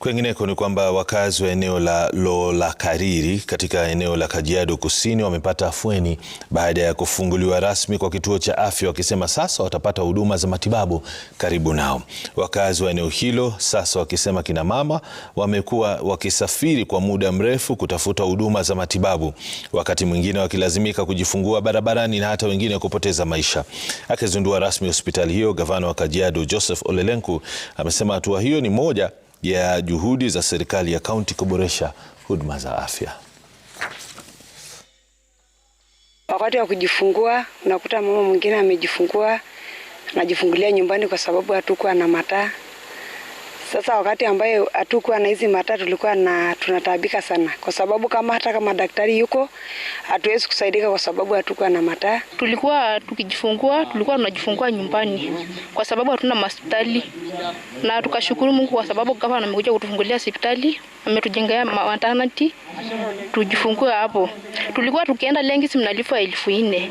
Kwengineko ni kwamba wakazi wa eneo la Lolakariri katika eneo la Kajiado Kusini wamepata afueni baada ya kufunguliwa rasmi kwa kituo cha afya, wakisema sasa watapata huduma za matibabu karibu nao. Wakazi wa eneo hilo sasa wakisema kina mama wamekuwa wakisafiri kwa muda mrefu kutafuta huduma za matibabu, wakati mwingine wakilazimika kujifungua barabarani na hata wengine kupoteza maisha. Akizindua rasmi hospitali hiyo, gavana wa Kajiado Joseph Olelenku amesema hatua hiyo ni moja ya juhudi za serikali ya kaunti kuboresha huduma za afya. Wakati wa kujifungua unakuta mama mwingine amejifungua anajifungulia nyumbani kwa sababu hatukuwa na mataa. Sasa wakati ambayo hatukuwa na hizi matatu tulikuwa na tunataabika sana, kwa sababu kama hata kama daktari yuko hatuwezi kusaidika, kwa sababu hatukuwa na mataa. Tulikuwa tukijifungua, tulikuwa tunajifungua nyumbani, kwa sababu hatuna hospitali, na tukashukuru Mungu kwa sababu kama amekuja kutufungulia hospitali, ametujengea maternity tujifungue hapo. Tulikuwa tukienda Lengisi mnalifa elfu nne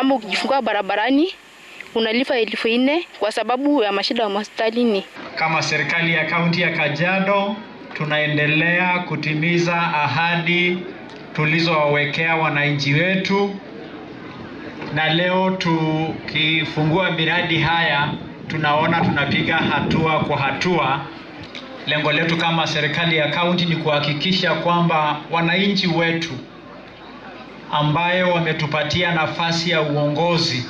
ama ukijifungua barabarani unalifa elfu nne kwa sababu ya mashida ya hospitalini. Kama serikali ya kaunti ya Kajiado tunaendelea kutimiza ahadi tulizowawekea wananchi wetu, na leo tukifungua miradi haya tunaona tunapiga hatua kwa hatua. Lengo letu kama serikali ya kaunti ni kuhakikisha kwamba wananchi wetu ambayo wametupatia nafasi ya uongozi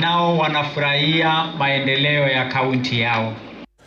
nao wanafurahia maendeleo ya kaunti yao.